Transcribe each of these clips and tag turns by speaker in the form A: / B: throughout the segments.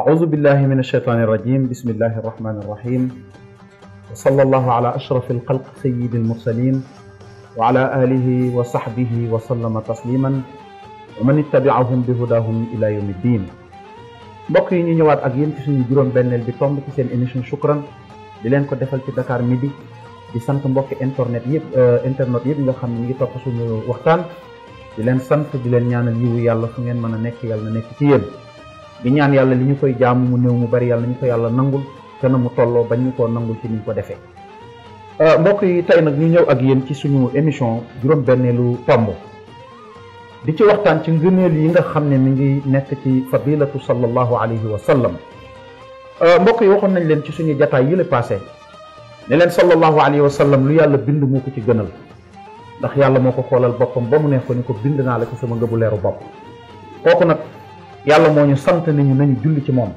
A: أعوذ بالله من الشيطان الرجيم بسم الله الرحمن الرحيم وصلى الله على أشرف الخلق سيد المرسلين وعلى آله وصحبه وسلم تسليما ومن اتبعهم بهداهم إلى يوم الدين mbokk yi ñu ñëwaat ak yéen ci suñu juróom-benneel bi tomb ci seen émission Shukran di leen ko defal ci Dakar Midi di sant mbokki internet yëpp euh, internet yëpp nga xam ne ñu ngi topp suñu waxtaan di leen sant di leen ñaanal yiwu yàlla fu ngeen mën a nekk yàlla na nekk ci yéen di ñaan yàlla li ñu koy jaamu mu néew mu bari yàlla ñu ko yàlla nangul te mu tolloo ba ñu koo nangul ci ñu ko defee euh, mbokk yi tey nag ñu ñëw ak yéen ci suñu émission juróom-benneelu tomb di ci waxtaan ci ngëneel yi nga xam ne mi ngi nekk ci fadilatu sallallahu alayhi wa sallam euh, mbokk yi waxoon nañ leen ci suñu jataay yi la passé ne leen sallallahu alayhi wa lu yàlla bind moo ko ci gënal ndax yàlla moo ko xoolal boppam ba mu ne ko ni ko bind naa la ci leeru bopp yàlla moo ñu sant ne ñu nañu julli ci moom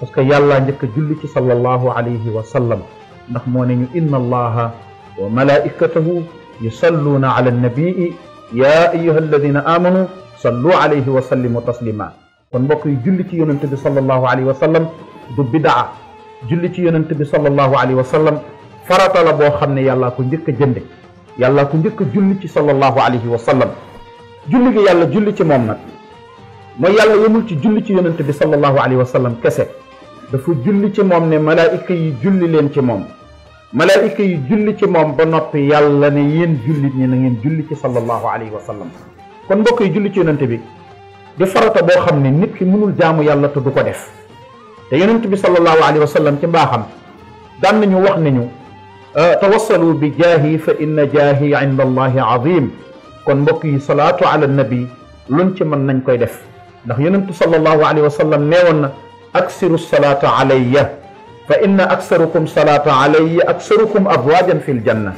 A: parce que yàlla njëkk a julli ci sallallahu alayhi wa sallam ndax moo ne ñu inna allaha wa malaikatahu yusalluuna ala annabii ya ayuha alladina amanu sallu alayhi wa sallimu taslima kon mbokk yi julli ci yonente bi sallallahu alayhi wa sallam du bidaa julli ci yonente bi sallallahu alayhi wa sallam farata la boo xam ne yàllaa ko njëkk a jënde yàllaa ko njëkk a julli ci sallallahu alayhi wa sallam julli gi yàlla julli ci moom nag mooy yàlla yemul ci julli ci yonent bi sallallahu alayhi wa sallam kese dafa julli ci moom ne malaayika yi julli leen ci moom malaayika yi julli ci moom ba noppi yàlla ne yéen jullit ñi na ngeen julli ci sallallahu alayhi wa sallam kon mbokk julli ci yonent bi di farata boo xam ne nit ki mënul jaamu yàlla te du ko def te yonent bi sallallahu alayhi wa ci mbaaxam daan nañu wax nañu ah, tawassalu bi jaahi fa inna jaahi inda allahi azim kon mbokk yi salaatu ala nabi luñ ci mën nañ koy def ndax yonentu sallallahu alayhi wa sallam neewoon na aksiru salaata alayya fa inna aksarukum salaata alayya aksarukum abwaajan fi l janna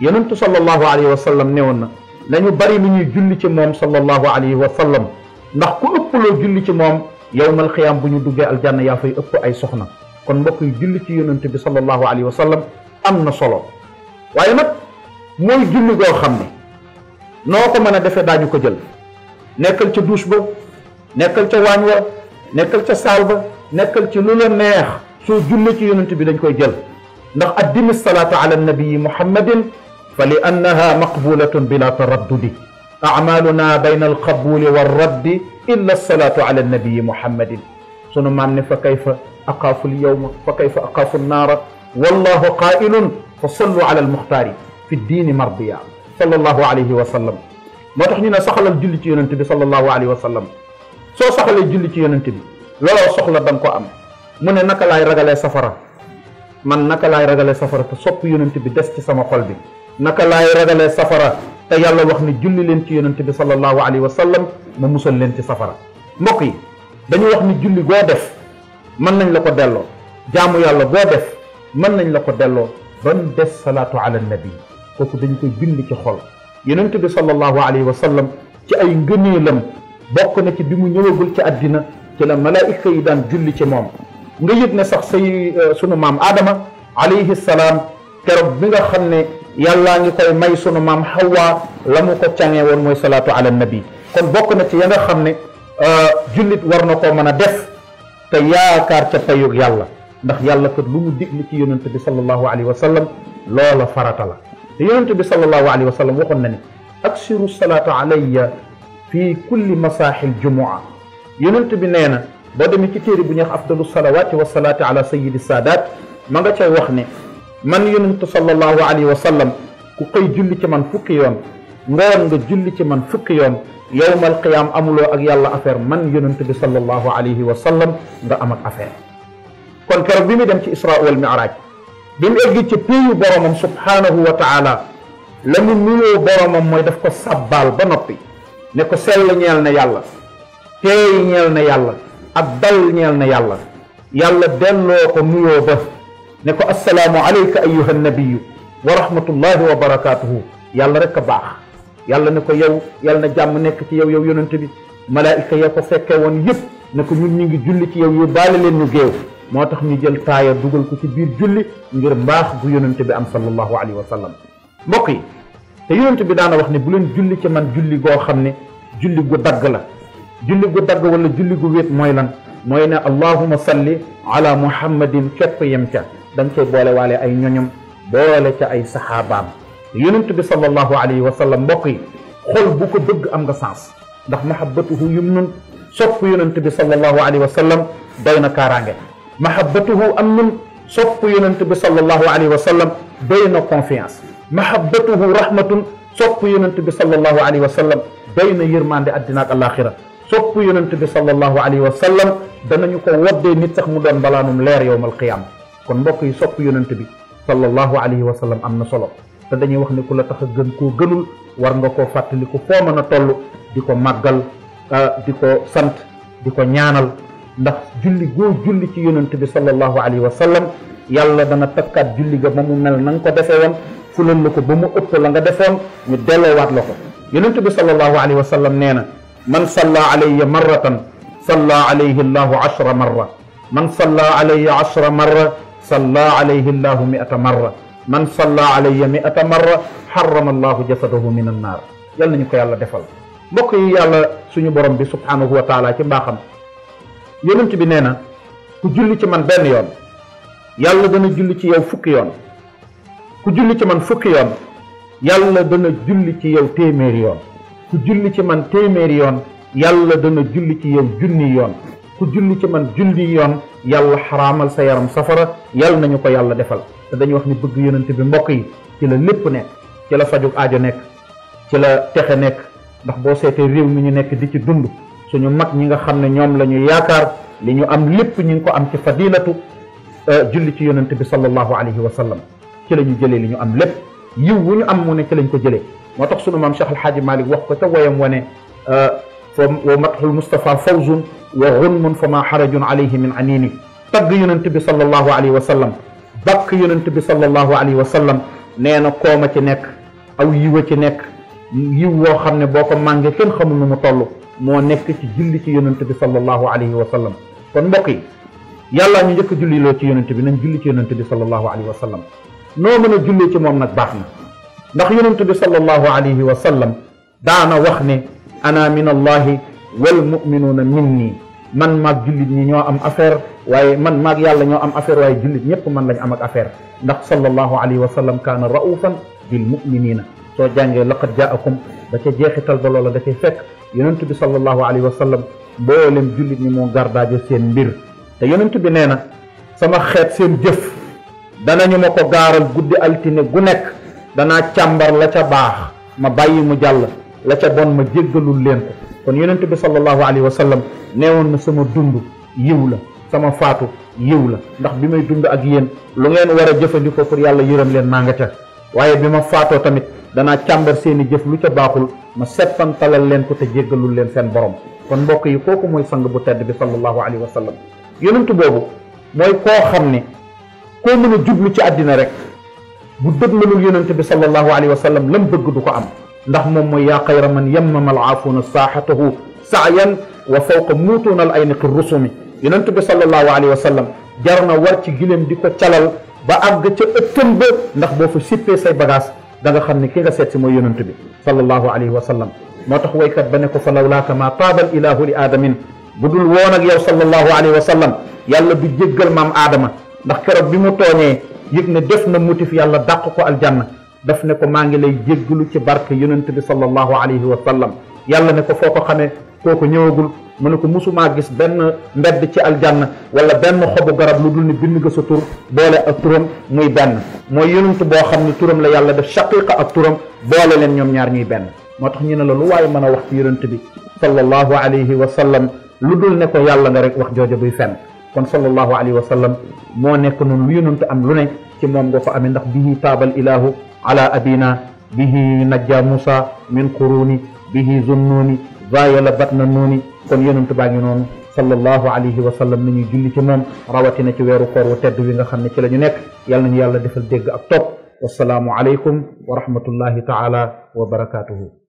A: yonentu sallallahu alayhi wa sallam neewoon na nañu bari lu ñuy julli ci moom sallallahu alayhi wa sallam ndax ku ëpp loo julli ci moom yowmal xiyaam bu ñu duggee aljanna yaa fay ëpp ay soxna kon mbokk yi julli ci yonent bi sallallahu alayhi wa sallam am na solo waaye nag mooy julli goo xam ne noo ko mën a defee daañu ko jël nekkal ca douche ba nekkal ca waañ wa nekkal ca saal ba nekkal ci lu la neex soo jullee ci yonent bi dañ koy jël ndax addimi salaata ala nabii muhammadin fa li annaha maqbulatun bila taraddudi amaluna bayna alqabuli walraddi illa alsalaatu ala nabii muhammadin sunu maam ne fa kayfa aqaafu lyawma fa kayfa aqaafu nnaara wallahu qailun fa sallu ala almuxtaari fi diini mardiya sallallahu alayhi wa sallam moo tax ñu ne saxalal julli ci yonent bi sallallahu alayhi wa sallam soo saxalee julli ci yonent bi looloo soxla da nga ko am mu ne naka laay ragalee safara man naka laay ragalee safara te sopp yonent bi des ci sama xol bi naka laay ragalee safara te yàlla wax ni julli leen ci yonent bi sallallahu alayhi wa sallam ma musal leen ci safara mbokk yi dañu wax ni julli goo def mën nañ la ko delloo jaamu yàlla goo def mën nañ la ko delloo ba mu des salaatu ala nabi kooku dañ koy julli ci xol yonent bi sallallahu alayhi wa sallam ci ay ngëneelam bokk na ci bi mu ñëwagul ci àddina ci la malaayika yi daan julli ci moom nga yëg ne sax say euh, sunu maam aadama alayhi salaam keroog bi nga xam ne yàllaa ngi koy may sunu maam Hawa la mu ko cangee woon mooy salaatu ala nabi kon bokk na ci ya nga xam ne euh, jullit war na koo mën a def te yaakaar ca payug yàlla ndax yàlla kat lu mu digle ci yonent bi sallallahu alayhi wa sallam loola farata la te yonent bi sallallahu alayhi wa sallam waxoon na ni aksiru salaata alayya fii kulli masaaxil jumua yonent bi nee na boo demee ci téere bu ñuy wax afdalu salawaati wa salaati ala sayidi saadaat ma nga cay wax ni man yonent sallallahu alayhi wa sallam ku xëy julli ci man fukki yoon ngoon nga julli ci man fukki yoon yowmal qiyaam amuloo ak yàlla affaire man yonent bi sallallahu alayhi wa sallam nga am ak kon keroog bi muy dem ci isra wal miraaj wa taala la boromam mooy daf ko sàbbaal ba noppi ne ko sell ñeel na yàlla teey ñeel na yàlla ab dal ñeel na yàlla yàlla delloo ko nuyoo ba ne ko assalaamu alayka ayyuha nabiyu wa rahmatullahi wa barakaatuhu yàlla rek a baax yàlla ne ko yow yàlla na jàmm nekk ci yow yow yonent bi malaayika ya ko fekke woon yépp ne ko ñun ñu ngi julli ci yow yu baale leen ñu géew moo tax ñu jël taaya dugal ko ci biir julli ngir mbaax bu yonent bi am sallallahu alayhi wa sallam mbokk yi te yonent bi daana wax man julli goo xam ne julli gu dagg la julli gu dagg wala julli gu wéet mooy lan mooy ne allahuma salli ala muhammadin képp yem ca dañ koy boole waale ay ñoñom boole ca ay saxaabaam yonent bi sallallahu alayhi wa sallam mbokk yi xol bu ko bëgg am nga sens ndax mahabbatuhu yumnun sopp yonent bi sallallahu alayhi wa sallam doy na kaaraange mahabbatuhu amnun sopp yonent bi sallallahu alayhi wa sallam doy na confiance mahabbatuhu rahmatun sopp yonent bi sallallahu alayhi wa sallam doy na yërmande àddina ak àllaaxira sopp yonent bi sallallahu alayhi wa sallam danañu ko woddee nit sax mu doon balaanum leer yowmal qiyaama kon mbokk yi sopp yonent bi sallallahu alayhi wa sallam am na solo te dañuy wax ne ku la tax gën koo gënul war nga koo fàttaliku foo mën a toll di ko màggal ah, di ko sant di ko ñaanal ndax julli goo julli ci yonent bi sallallahu alayhi wa sallam yàlla dana takkaat julli ga ba mu mel na nga ko defee woon fulal la ko ba mu ëpp la nga defoon ñu delloowaat la ko yonent bi sallallahu alayhi wa sallam nee na man salla alayya marratan salla alayhi llahu ashra marra man salla alayya ashra marra salla alayhi llahu miata marra man salla alayya miata marra xarama allahu jasadahu min annaar yal nañu ko yàlla defal mbokk yi yàlla suñu borom bi subhaanahu wa taala ci mbaaxam yonent bi nee na ku julli ci man benn yoon yàlla dana julli ci yow fukki yoon ku julli ci man fukki yoon yàlla dana julli ci yow téeméeri yoon ku julli ci man téeméeri yoon yàlla dana julli ci yow junni yoon ku julli ci man julli yoon yàlla xaraamal sa yaram safara yàlla nañu ko yàlla defal te dañuy wax ni bëgg yonent bi mbokk yi ci la lépp nekk ci la fajug aajo nekk ci la texe nekk ndax boo seetee réew mi ñu nekk di ci dund suñu mag ñi nga xam ne ñoom la ñu yaakaar li ñu am lépp ñu ngi ko am ci fadilatu euh, julli ci yonent bi sallallahu alayhi wa sallam ci la ñu jëlee li ñu am lépp yiw wu ñu am mu ne ci lañ ko jëlee moo tax sunu maam Cheikh El Hadj wax ko ca woyam wane euh, fa wa matxul Moustapha fawzun wa gunmun fa ma xarajun alayhi min anini tagg yonent bi sallallahu alayhi wa sallam bàkk yonent bi sallallahu alayhi wa sallam nee na kooma ci nekk aw yiwa ci nekk yiw woo xam ne boo ko màngee kenn xamul nu mu toll moo nekk ci julli ci yonent bi sallallahu alayhi wa sallam kon mbokk yi yàlla ñu njëkk a julliloo ci yonent bi nañ julli ci yonent bi sallallahu alayhi wa sallam noo mën a jullee ci moom nag baax na ndax yonent bi sallallahu alayhi wa sallam daana wax ne ana min allahi wal muminuuna minni man maag jullit ñi ñoo am affaire waaye man maag yàlla ñoo am affaire waaye jullit ñëpp man lañ am ak affaire ndax sallallahu alayhi wa sallam kaana raufan bil muminina soo jàngee laqad jaakum da ca jeexital ba loola fek cay fekk yonent bi sallallahu alayhi wa sallam mboolem jullit ñi moo gardaajo seen mbir te yonent bi nee na sama xeet seen jëf ñu ma ko gaaral guddi altine gu nekk danaa càmbar la ca baax ma bàyyi mu jàll la ca bon ma jéggalul leen ko kon yonent bi sallallahu alayhi wa sallam woon na sama dund yiw la sama faatu yiw la ndax bi may dund ak yéen lu ngeen war a jëfandikoo pour yàlla yërëm leen maa nga ca waaye bi ma faatoo tamit danaa càmbar seeni jëf lu ca baaxul ma settantalal leen ko te jéggalul leen seen borom kon mbokk yi kooku mooy sang bu tedd bi sallallahu alayhi wa koo mën a jublu ci àddina rek bu dëgmalul yonente bi sallallahu alayhi wa sallam lam bëgg du ko am ndax moom mooy yaa xayra man yammama al aafuuna saaxatahu saayan wa fawqa muutuuna al ayniqi rusumi yonente bi sallallahu alayhi wa sallam jar na war ci gileem di ko calal ba àgg ca ëttam ba ndax boo fa sippee say bagage da nga xam ne ki nga seet si mooy yonente bi sallallahu alayhi wa sallam moo tax waykat ba ne ko fa lawlaaka maa taabal ilaahu li aadamin bu dul woon ak yow sallallahu alayhi wa sallam yàlla du jéggal maam aadama ndax keroog bi mu tooñee yëg ne def na motif yàlla dàq ko aljanna daf ne ko maa ngi lay jéggalu ci barke yonent bi sallallahu alayhi wa sallam yàlla ne ko foo ko xamee kooku ñëwagul mu ne ko musumaa gis benn mbedd ci aljanna wala benn xobu garab lu dul ni bind nga sa tur boole ak turam muy benn mooy yonent boo xam ne turam la yàlla def shaqiqa ak turam boole leen ñoom ñaar ñuy benn moo tax ñu ne la lu waaye mën a wax ci yonent bi sallallahu alayhi wa lu dul ne yàlla nga rek wax jooja buy fenn kon sallallahu alayhi wa sallam moo nekk noonu lu yonent am lu ne ci moom nga ko amee ndax bihi taabal ilahu ala abina bihi najja musa min quruni bihi zunnuni zayala batna nuuni kon yonent baa ngi noonu sallallahu alayhi wa sallam na ñuy julli ci moom rawatina ci weeru koor wu tedd wi nga xam ne ci la ñu nekk yàlla nañu yàlla defal dégg ak topp wassalaamu alaykum wa rahmatullahi taala wa barakatuhu